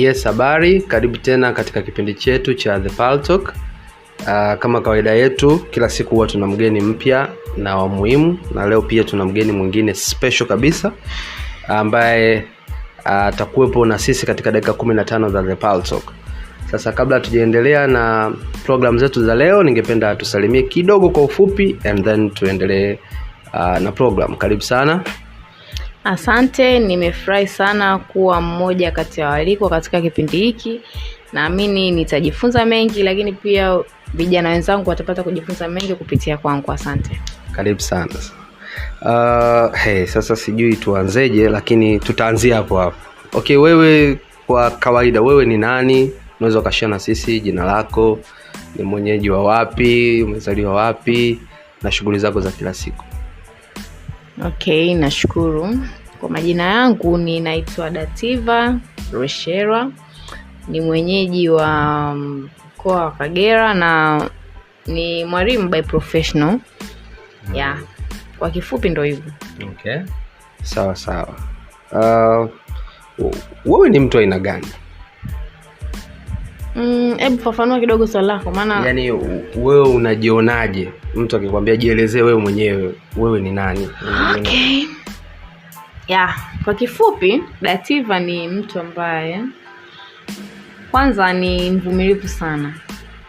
Yes, habari, karibu tena katika kipindi chetu cha The Pal Talk. Uh, kama kawaida yetu kila siku huwa tuna mgeni mpya na wa muhimu, na leo pia tuna mgeni mwingine special kabisa ambaye atakuwepo uh, na sisi katika dakika tano za The Pal Talk. Sasa kabla tujaendelea na program zetu za leo, ningependa tusalimie kidogo kwa ufupi and then tuendelee uh, na program. Karibu sana. Asante, nimefurahi sana kuwa mmoja kati ya waliko katika kipindi hiki. Naamini nitajifunza mengi, lakini pia vijana wenzangu watapata kujifunza mengi kupitia kwangu. Asante, karibu sana. Uh, hey, sasa sijui tuanzeje, lakini tutaanzia hapo hapo. Okay, wewe kwa kawaida, wewe ni nani? Unaweza ukashia na sisi jina lako, ni mwenyeji wa wapi, umezaliwa wapi, na shughuli zako za kila siku? Okay, nashukuru. Kwa majina yangu ninaitwa Dativa Resherwa, ni mwenyeji wa mm, mkoa wa Kagera na ni mwalimu by professional. Mm. Yeah. Kwa kifupi ndo hivyo. Okay. Sawa sawa. Uh, wewe ni mtu aina gani? Mm, hebu mm, fafanua kidogo swali lako, maana yaani wewe unajionaje mtu akikwambia jielezee wewe mwenyewe, wewe ni nani? Okay. Yeah, kwa kifupi Dativa ni mtu ambaye kwanza ni mvumilivu sana.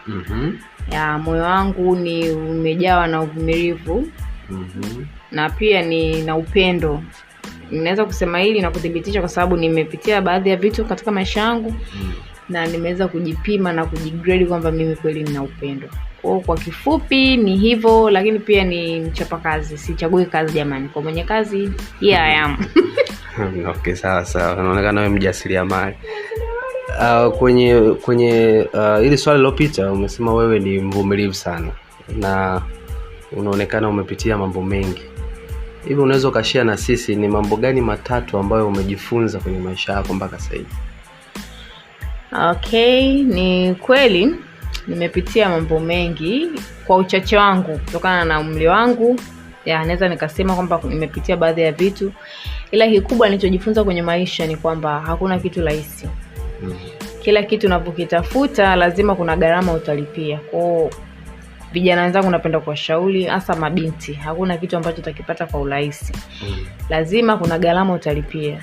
mm-hmm. Ya moyo wangu ni umejawa na uvumilivu. mm-hmm. na pia ni na upendo Ninaweza kusema hili na kuthibitisha kwa sababu nimepitia baadhi ya vitu katika maisha yangu. mm na nimeweza kujipima na kujigrade kwamba mimi kweli nina upendo kwao. Kwa kifupi ni hivyo, lakini pia ni mchapa kazi sichagui kazi jamani. Kwa mwenye kazi hiye ayamu okay, sawa sawa, unaonekana wewe mali Uh, kwenye kwenye uh, ili swali lilopita umesema wewe ni mvumilivu sana na unaonekana umepitia mambo mengi hivyo, unaweza ukashia na sisi ni mambo gani matatu ambayo umejifunza kwenye maisha yako mpaka sasa hivi? Okay, ni kweli nimepitia mambo mengi kwa uchache wangu kutokana na umri wangu ya naweza nikasema kwamba nimepitia baadhi ya vitu, ila kikubwa nilichojifunza kwenye maisha ni kwamba hakuna kitu rahisi. mm -hmm. Kila kitu unapokitafuta lazima kuna gharama utalipia. Kwao vijana wenzangu, napenda kuwashauri hasa mabinti, hakuna kitu ambacho utakipata kwa urahisi. mm -hmm. Lazima kuna gharama utalipia.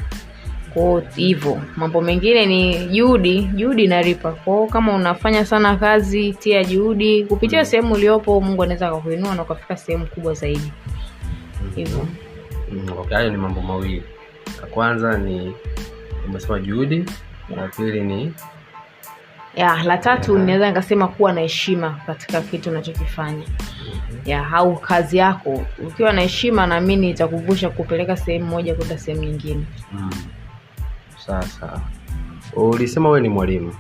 Kwao hivyo. Mambo mengine ni juhudi, juhudi naripa Kwao kama unafanya sana kazi, tia juhudi, kupitia mm. sehemu uliopo Mungu anaweza akakuinua na ukafika sehemu kubwa zaidi. Mm. Hivyo. Mm, okay, hayo ni mambo mawili. La kwanza ni umesema juhudi, la pili ni ya la tatu yeah. Ninaweza nikasema kuwa na heshima katika kitu unachokifanya mm-hmm. ya au kazi yako. Ukiwa na heshima, naamini itakuvusha kupeleka sehemu moja kwenda sehemu nyingine mm sasa Ulisema wewe ni mwalimu?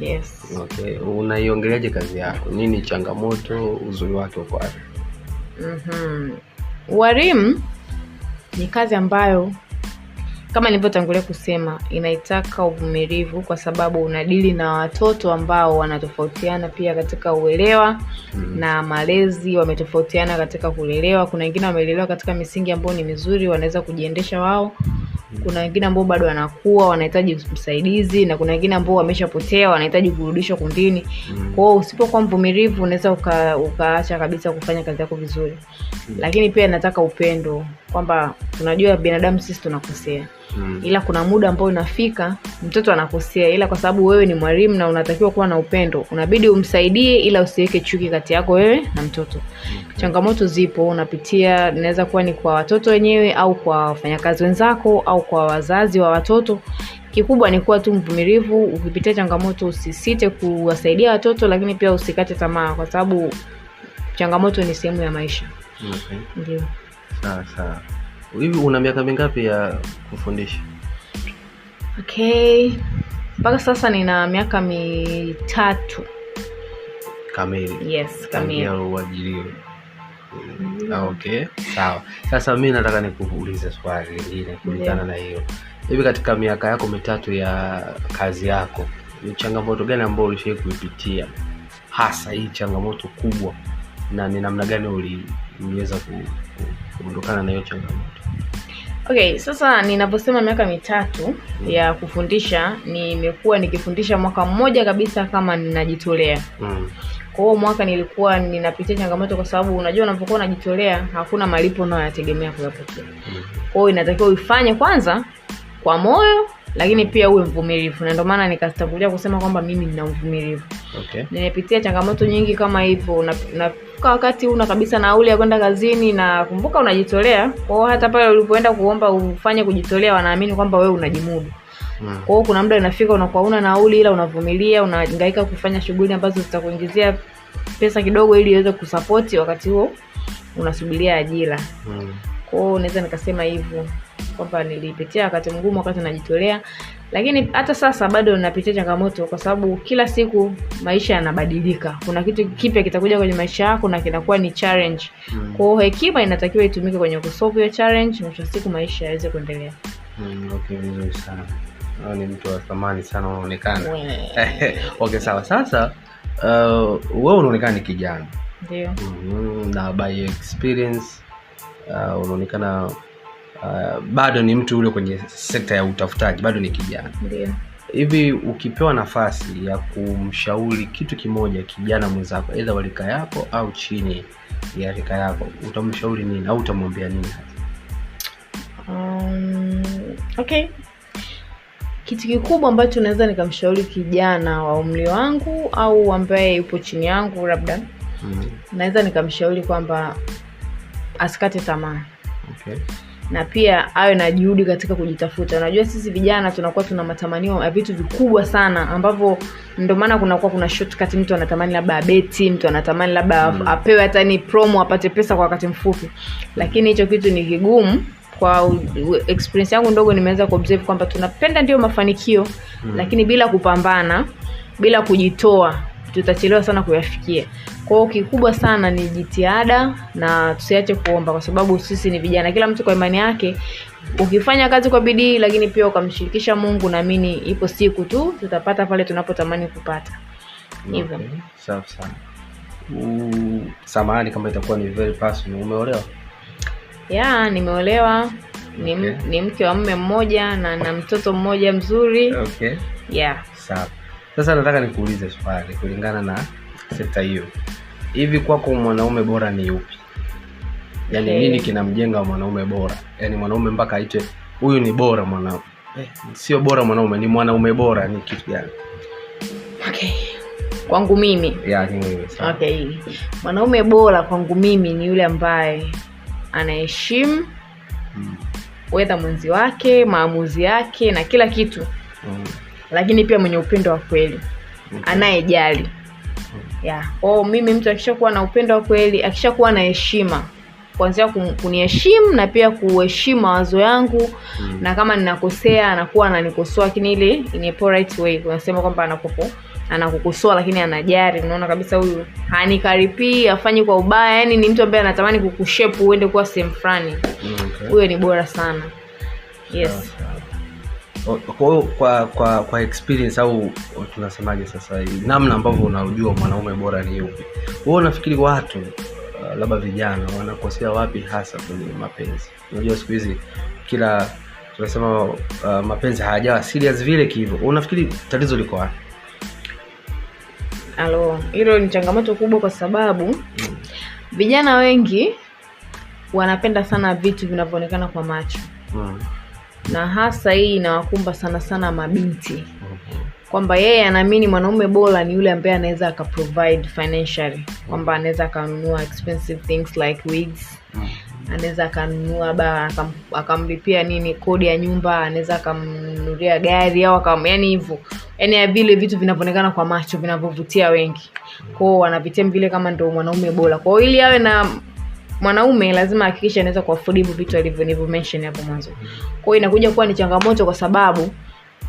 Yes. Okay. Unaiongeleaje kazi yako? Nini changamoto, uzuri wake uko wapi? Mhm. Ualimu ni kazi ambayo kama nilivyotangulia kusema inaitaka uvumilivu, kwa sababu unadili na watoto ambao wanatofautiana pia katika uelewa mm. na malezi, wametofautiana katika kulelewa. Kuna wengine wamelelewa katika misingi ambayo ni mizuri, wanaweza kujiendesha wao kuna wengine ambao bado wanakuwa wanahitaji usaidizi na kuna wengine ambao wameshapotea wanahitaji kurudishwa kundini mm. kwao usipokuwa mvumilivu unaweza uka, ukaacha kabisa kufanya kazi yako vizuri mm. lakini pia nataka upendo kwamba tunajua binadamu sisi tunakosea mm. ila kuna muda ambao unafika mtoto anakosea, ila kwa sababu wewe ni mwalimu na unatakiwa kuwa na upendo, unabidi umsaidie, ila usiweke chuki kati yako wewe na mtoto mm. Changamoto zipo unapitia, inaweza kuwa ni kwa watoto wenyewe au kwa wafanyakazi wenzako au kwa wazazi wa watoto. Kikubwa ni kuwa tu mvumilivu. Ukipitia changamoto, usisite kuwasaidia watoto, lakini pia usikate tamaa, kwa sababu changamoto ni sehemu ya maisha. Okay. Ndio. Sawa sawa. Hivi una miaka mingapi ya kufundisha? Okay, mpaka sasa nina miaka mitatu kamili. Yes, uajiriwe. Mm. Okay, sawa. Sasa mi nataka nikuulize swali lingine kulingana yeah, na hiyo. Hivi katika miaka yako mitatu ya kazi yako ni changamoto gani ambayo ulishai kuipitia, hasa hii changamoto kubwa, na ni namna gani mliweza kuondokana na hiyo changamoto? Okay, sasa ninaposema miaka mitatu mm. ya kufundisha, nimekuwa nikifundisha mwaka mmoja kabisa kama ninajitolea mm. Kwa hiyo mwaka nilikuwa ninapitia changamoto, kwa sababu unajua unapokuwa unajitolea hakuna malipo unayoyategemea kuyapokea. Mm. Kwa hiyo inatakiwa uifanye kwanza kwa moyo lakini pia uwe mvumilivu, na ndio maana nikatangulia kusema kwamba mimi nina uvumilivu. Okay. Nimepitia changamoto nyingi kama hivyo na, kwa wakati una kabisa nauli ya kwenda kazini na kumbuka unajitolea. kwao hata pale ulipoenda kuomba ufanye kujitolea, wanaamini kwamba wewe unajimudu. Hmm. Kwa kuna muda inafika unakuwa una nauli, ila unavumilia, unahangaika kufanya shughuli ambazo zitakuingizia pesa kidogo ili iweze kusapoti wakati huo unasubiria ajira. hmm. Kwa hiyo unaweza nikasema hivyo kwamba nilipitia wakati mgumu wakati najitolea, lakini hata sasa bado napitia changamoto, kwa sababu kila siku maisha yanabadilika. Kuna kitu kipya kitakuja kwenye maisha yako na kinakuwa ni challenge mm. Kwao hekima inatakiwa itumike kwenye kusolve hiyo challenge, mwisho siku maisha yaweze kuendelea. Mm, okay, vizuri sana. Ni mtu wa thamani sana unaonekana. Okay, sawa. Sasa uh, wewe unaonekana ni kijana ndio, mm, na by experience uh, unaonekana uh, bado ni mtu ule kwenye sekta ya utafutaji, bado ni kijana. Hivi ukipewa nafasi ya kumshauri kitu kimoja kijana mwenzako, aidha wa rika yako au chini ya rika yako, utamshauri nini au utamwambia nini? Um, okay, kitu kikubwa ambacho naweza nikamshauri kijana wa umri wangu au ambaye yupo chini yangu labda, mm. naweza nikamshauri kwamba asikate tamaa. Okay na pia awe na juhudi katika kujitafuta unajua sisi vijana tunakuwa tuna matamanio ya vitu vikubwa sana ambavyo ndio maana kunakuwa kuna shortcut mtu anatamani labda abeti mtu anatamani labda mm. apewe hata ni promo apate pesa kwa wakati mfupi lakini hicho kitu ni kigumu kwa experience yangu ndogo nimeweza kuobserve kwamba tunapenda ndio mafanikio mm. lakini bila kupambana bila kujitoa tutachelewa sana kuyafikia kwao kikubwa sana ni jitihada na tusiache kuomba kwa sababu sisi ni vijana kila mtu kwa imani yake ukifanya kazi kwa bidii lakini pia ukamshirikisha mungu naamini ipo siku tu tutapata pale tunapotamani kupata hivyo okay. sana samahani kama itakuwa ni very personal umeolewa ya nimeolewa ni, okay. ni mke wa mme mmoja na na mtoto mmoja mzuri okay. yeah. safi sasa nataka nikuulize swali kulingana na sekta hiyo, hivi kwako mwanaume bora ni yupi? Yaani okay. Eh. nini kinamjenga mwanaume bora? Yaani mwanaume mpaka aitwe huyu ni bora mwanaume eh, sio bora mwanaume, ni mwanaume bora ni kitu gani? Okay, kwangu mimi yeah, okay, mwanaume bora kwangu mimi ni yule ambaye anaheshimu hmm. wedha mwenzi wake, maamuzi yake na kila kitu hmm lakini pia mwenye upendo wa kweli okay. anayejali yeah. oh, mimi mtu akishakuwa na upendo wa kweli akishakuwa na heshima kuanzia kuniheshimu na pia kuheshimu mawazo yangu mm. na kama ninakosea anakuwa ananikosoa lakini ile in a right way unasema kwamba anakopo anakukosoa lakini anajari unaona kabisa huyu hanikaripii afanyi kwa ubaya yani ni mtu ambaye anatamani kukushepu uende kuwa sehemu fulani mm, huyo okay. ni bora sana yes yeah kwa, kwa kwa kwa experience au tunasemaje sasa hivi namna ambavyo unajua mwanaume bora ni yupi wewe unafikiri watu uh, labda vijana wanakosea wapi hasa kwenye mapenzi unajua siku hizi kila tunasema uh, mapenzi hayajawa serious vile kihivyo unafikiri tatizo liko wapi alo hilo ni changamoto kubwa kwa sababu mm. vijana wengi wanapenda sana vitu vinavyoonekana kwa macho mm na hasa hii inawakumba sana sana mabinti mhm. kwamba yeye anaamini mwanaume bora ni yule ambaye anaweza aka financially kwamba anaweza akanunua expensive things like wigs mhm. anaweza akanunua ba akamlipia nini kodi ya nyumba anaweza akamnunulia gari au akam yani hivyo yani vile vitu vinavyoonekana kwa macho vinavyovutia wengi kwao wanavitia vile kama ndo mwanaume bora kwao ili awe na mwanaume lazima hakikisha anaweza kuafodi hivyo vitu alivyo mention hapo mwanzo kwa hiyo inakuja kuwa ni changamoto kwa sababu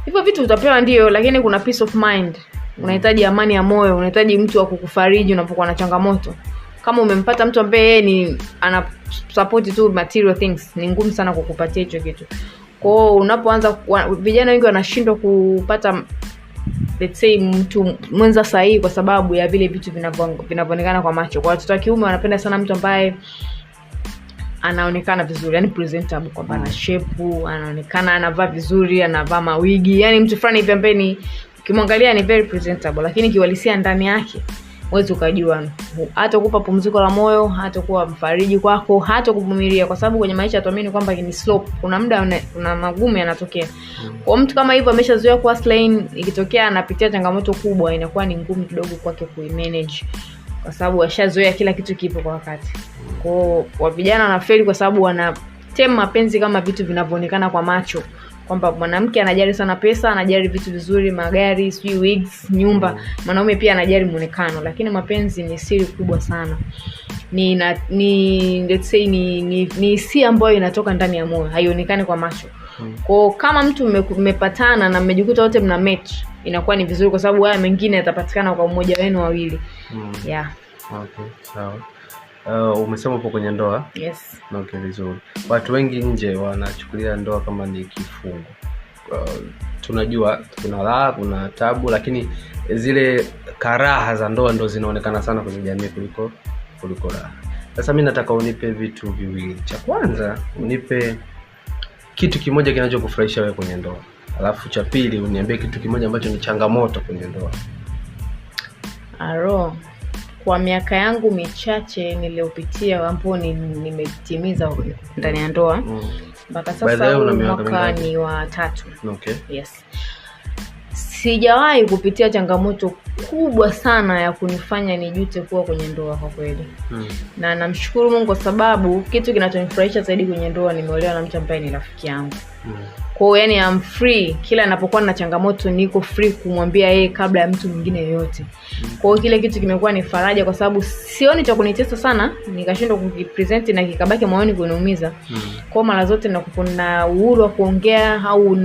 hivyo vitu utapewa ndio lakini kuna peace of mind unahitaji amani ya moyo unahitaji mtu wa kukufariji unapokuwa na changamoto kama umempata mtu ambaye ni ana support tu material things ni ngumu sana kukupatia hicho kitu kwao unapoanza vijana wengi wanashindwa kupata let's say mtu mwenza sahihi kwa sababu ya vile vitu vinavyoonekana kwa macho kwa watoto wa kiume wanapenda sana mtu ambaye anaonekana vizuri yani presentable kwamba ana mm. shepu anaonekana anavaa vizuri anavaa mawigi yani mtu fulani hivi ambaye ni ukimwangalia ni very presentable lakini kiwalisia ndani yake huwezi ukajua hata kupa pumziko la moyo hata kuwa mfariji kwako hata kuvumilia kwa sababu kwenye maisha tuamini kwamba ni slope kuna muda kuna magumu yanatokea mm. kwa mtu kama hivyo ameshazoea kuwa slain ikitokea anapitia changamoto kubwa inakuwa ni ngumu kidogo kwake kuimanage kwa sababu washazoea kila kitu kipo kwa wakati mm. kwao wavijana wanafeli kwa sababu wana tem mapenzi kama vitu vinavyoonekana kwa macho kwamba mwanamke anajali sana pesa anajali vitu vizuri magari sijui wigs nyumba mwanaume pia anajali mwonekano lakini mapenzi ni siri kubwa sana ni na, ni let's say ni ni, hisia ambayo inatoka ndani ya moyo haionekani kwa macho hmm. ko kama mtu mmepatana na mmejikuta wote mna match inakuwa ni vizuri kwa sababu haya mengine yatapatikana kwa umoja wenu wawili hmm. yeah. okay, sawa so. Uh, umesema upo kwenye ndoa? Yes. Okay, vizuri. Watu wengi nje wanachukulia ndoa kama ni kifungo. Uh, tunajua kuna raha, kuna tabu, lakini zile karaha za ndoa ndo zinaonekana sana kwenye jamii kuliko kuliko raha. Sasa mi nataka unipe vitu viwili. Cha kwanza unipe kitu kimoja kinachokufurahisha wewe kwenye ndoa, alafu cha pili uniambie kitu kimoja ambacho ni changamoto kwenye ndoa. Aro, ah, kwa miaka yangu michache niliyopitia ambao nimetimiza ndani ya ndoa mm. mpaka mm. sasa mwaka ni wa tatu okay. yes sijawahi kupitia changamoto kubwa sana ya kunifanya nijute kuwa kwenye ndoa kwa kweli hmm. na namshukuru Mungu kwa sababu kitu kinachonifurahisha zaidi kwenye ndoa, nimeolewa na mtu ambaye ni rafiki yangu hmm. kwao, yani am free, kila ninapokuwa na changamoto niko free kumwambia yeye kabla ya mtu mwingine yoyote hmm. kwao kile kitu kimekuwa ni faraja, kwa sababu sioni cha kunitesa sana nikashindwa kukipresent na kikabaki moyoni kuniumiza hmm. kwao mara zote na uhuru wa kuongea au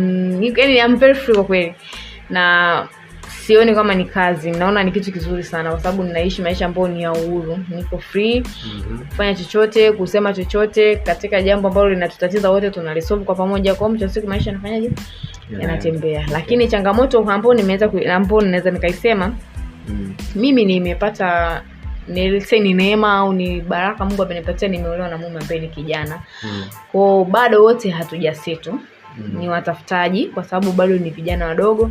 yani am very free kwa kweli na sioni kama ni kazi naona ni kitu kizuri sana kwa sababu ninaishi maisha ambayo ni ya uhuru niko free mm-hmm. fanya chochote kusema chochote katika jambo ambalo linatutatiza wote tunalisolve kwa pamoja kwa mwisho siku maisha yanafanyaje yeah. yanatembea lakini changamoto ambayo nimeweza ambayo ninaweza nikaisema mm. hmm mimi nimepata nilise ni neema au ni baraka mungu amenipatia nimeolewa na mume ambaye ni kijana mm. kwao bado wote hatujasetu mm. ni watafutaji kwa sababu bado ni vijana wadogo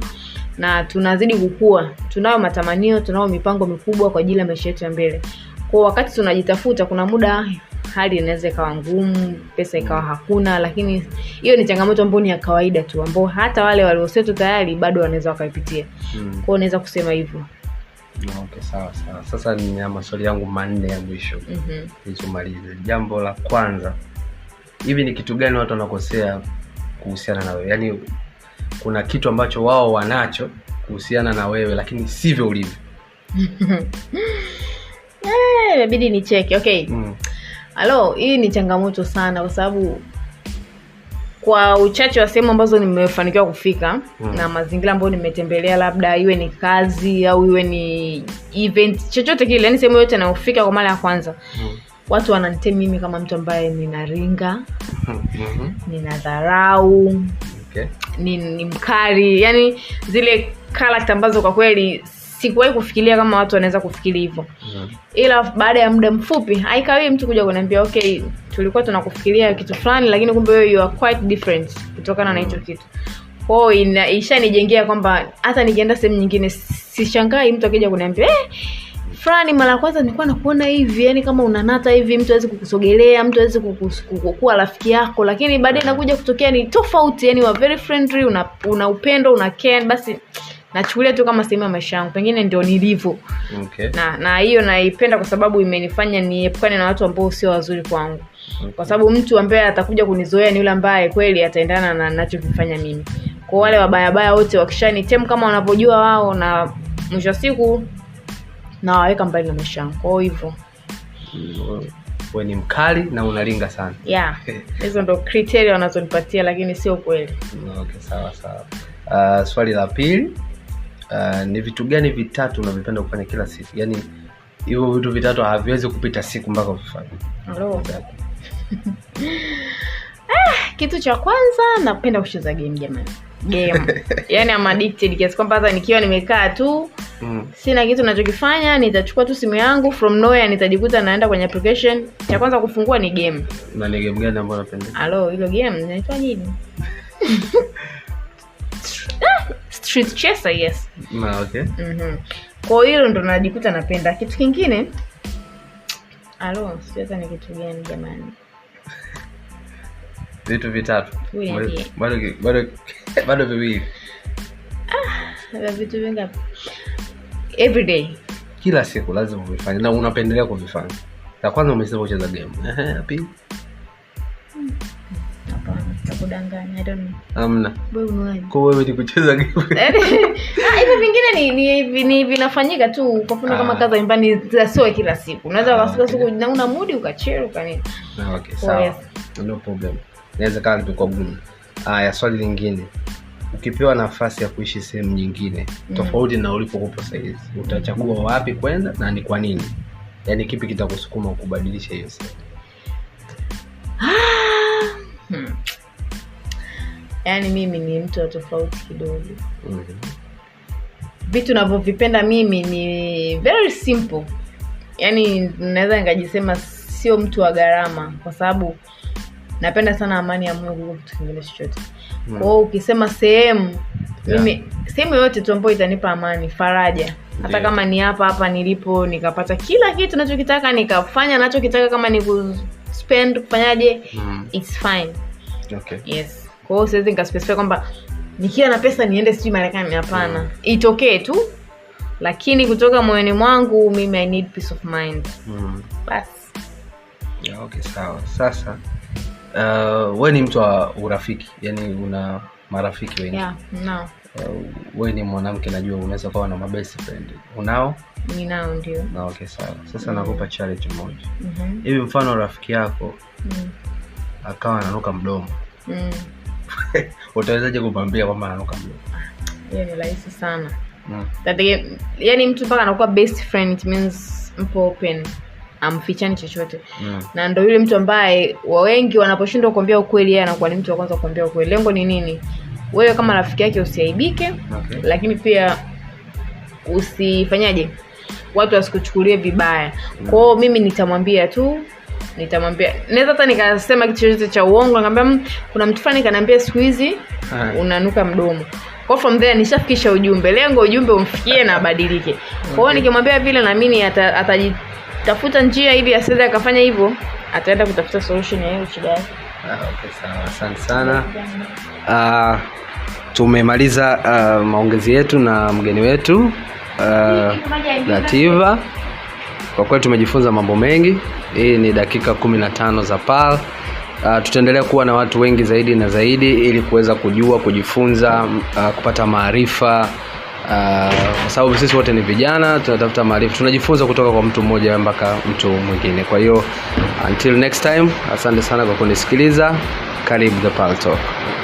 na tunazidi kukua tunayo matamanio tunao mipango mikubwa kwa ajili ya maisha yetu ya mbele kwa wakati tunajitafuta kuna muda hali inaweza ikawa ngumu pesa ikawa hakuna lakini hiyo ni changamoto ambao ni ya kawaida tu ambao hata wale waliosetu tayari bado wanaweza wakaipitia mm. kwao unaweza kusema hivyo okay sawa sawa sasa ya maswali yangu manne ya mwisho mm-hmm. nisumalize jambo la kwanza hivi ni kitu gani watu wanakosea kuhusiana na wewe yaani kuna kitu ambacho wao wanacho kuhusiana na wewe lakini sivyo ulivyo eh, inabidi ni cheke okay mm. alo hii ni changamoto sana kwa sababu kwa uchache wa sehemu ambazo nimefanikiwa kufika mm. na mazingira ambayo nimetembelea labda iwe ni kazi au iwe ni event chochote kile yani sehemu yote anayofika kwa mara ya kwanza mm watu wanantem mimi kama mtu ambaye ninaringa mm-hmm. dharau okay. ni, ni mkari yani zile ambazo kwa kweli sikuwahi kufikiria kama watu wanaweza kufikiri hivyo mm. ila baada ya muda mfupi haikawii mtu kuja kuniambia okay tulikuwa tunakufikiria kitu fulani lakini kumbe you are quite different kutokana mm. na hicho mhm. kitu kwao ishanijengea kwamba hata nikienda sehemu nyingine sishangai mtu akija kuniambia eh, fulani, mara ya kwanza nilikuwa nakuona hivi, yani kama unanata hivi, mtu hawezi kukusogelea, mtu hawezi kukuwa rafiki yako, lakini baadaye inakuja kutokea ni tofauti, yani wa very friendly, una, una upendo, una care. Basi nachukulia tu kama sehemu ya maisha yangu, pengine ndio nilivyo. Okay. na hiyo na naipenda kwa sababu imenifanya niepukane na watu ambao sio wazuri kwangu. Okay. Kwa sababu mtu ambaye atakuja kunizoea ni yule ambaye kweli ataendana na ninachokifanya mimi. Kwa wale wabayabaya wote wakishani tem kama wanavyojua wao, na mwisho wa siku na waweka mbali na maisha yangu. kwao hivyo ni mkali na unalinga sana. Yeah. Hizo ndo kriteria wanazonipatia lakini sio kweli. Okay, sawa sawa. Uh, swali la pili uh, ni vitu gani vitatu unavipenda kufanya kila siku? Yaani hivyo vitu vitatu haviwezi kupita siku mpaka ufanye. Ah, kitu cha kwanza napenda kucheza game jamani game yani I'm addicted kiasi kwamba hata nikiwa nimekaa tu mm. sina kitu nachokifanya nitachukua tu simu yangu from nowhere nitajikuta naenda kwenye application cha kwanza kufungua ni game na ni game gani ambayo unapenda halo hilo game inaitwa nini ah, street chaser yes na okay mm kwa hiyo ndo najikuta napenda kitu kingine halo sijui hata ni kitu gani jamani vitu vitatu bado viwili ah, vitu vingi kila siku lazima uvifanye na unapendelea kuvifanya la kwanza umesema ucheza game hmm. yaani, ah, hivi vingine ni, vinafanyika tu kwa kama ah. kaza nyumbani sio kila siku unaweza siku una mudi ukacheru kanini okay, problem inaweza kawa gumu. Haya, swali lingine, ukipewa nafasi ya kuishi sehemu nyingine mm. tofauti na ulipokupo sahizi, utachagua wapi kwenda na ni kwa nini? Yaani kipi kitakusukuma kubadilisha hiyo sehemu? hmm. Yaani mimi ni mtu wa tofauti kidogo mm-hmm. vitu navyovipenda mimi ni very simple, yaani naweza nikajisema sio mtu wa gharama kwa sababu napenda sana amani ya mungu kuliko kitu kingine chochote mm. kwao ukisema sehemu yeah. mimi sehemu yoyote tu ambayo itanipa amani faraja hata yeah. kama ni hapa hapa nilipo nikapata kila kitu nachokitaka nikafanya nachokitaka kama ni kuspend kufanyaje mm. its fine okay. yes kwao siwezi nikaspesifia kwamba nikiwa na pesa niende sijui marekani hapana mm. itokee tu lakini kutoka moyoni mwangu mimi i need peace of mind mm. basi yeah, okay sawa sasa uh, we ni mtu wa urafiki yani una marafiki wengi yeah, no. Uh, we ni mwanamke najua unaweza kuwa na mabest friend unao ninao ndio na okay sawa sasa mm. nakupa challenge moja mm-hmm. hivi mfano rafiki yako mm. akawa ananuka mdomo mm. utawezaje kumwambia kwamba ananuka mdomo hiyo ni rahisi sana mm. yaani mtu mpaka anakuwa best friend it means mpo open amfichani chochote yeah. na ndo yule mtu ambaye wengi wanaposhindwa kuambia ukweli yeye anakuwa ni mtu wa kwanza kuambia ukweli lengo ni nini wewe kama rafiki yake usiaibike okay. lakini pia usifanyaje watu wasikuchukulie vibaya mm. kwao mimi nitamwambia tu nitamwambia naweza hata nikasema kitu chochote cha uongo nikamwambia mm, kuna mtu fulani kanaambia siku hizi ah. unanuka mdomo kwa from there nishafikisha ujumbe lengo ujumbe umfikie na abadilike kwa hiyo okay. nikimwambia vile naamini ataji ata tafuta njia ili asiweze akafanya hivyo, ataenda kutafuta solution ya hiyo shida yake. Ah, okay, sawa. Asante sana. Ah, tumemaliza uh, maongezi yetu na mgeni wetu uh, ah, Dativa. Kwa kweli tumejifunza mambo mengi. Hii ni dakika kumi na tano za PAL. Uh, ah, tutaendelea kuwa na watu wengi zaidi na zaidi ili kuweza kujua, kujifunza, uh, kupata maarifa Ah, kwa uh, sababu sisi wote ni vijana, tunatafuta maarifa, tunajifunza kutoka kwa mtu mmoja mpaka mtu mwingine. Kwa hiyo until next time, asante sana kwa kunisikiliza. Karibu The Pal Talk.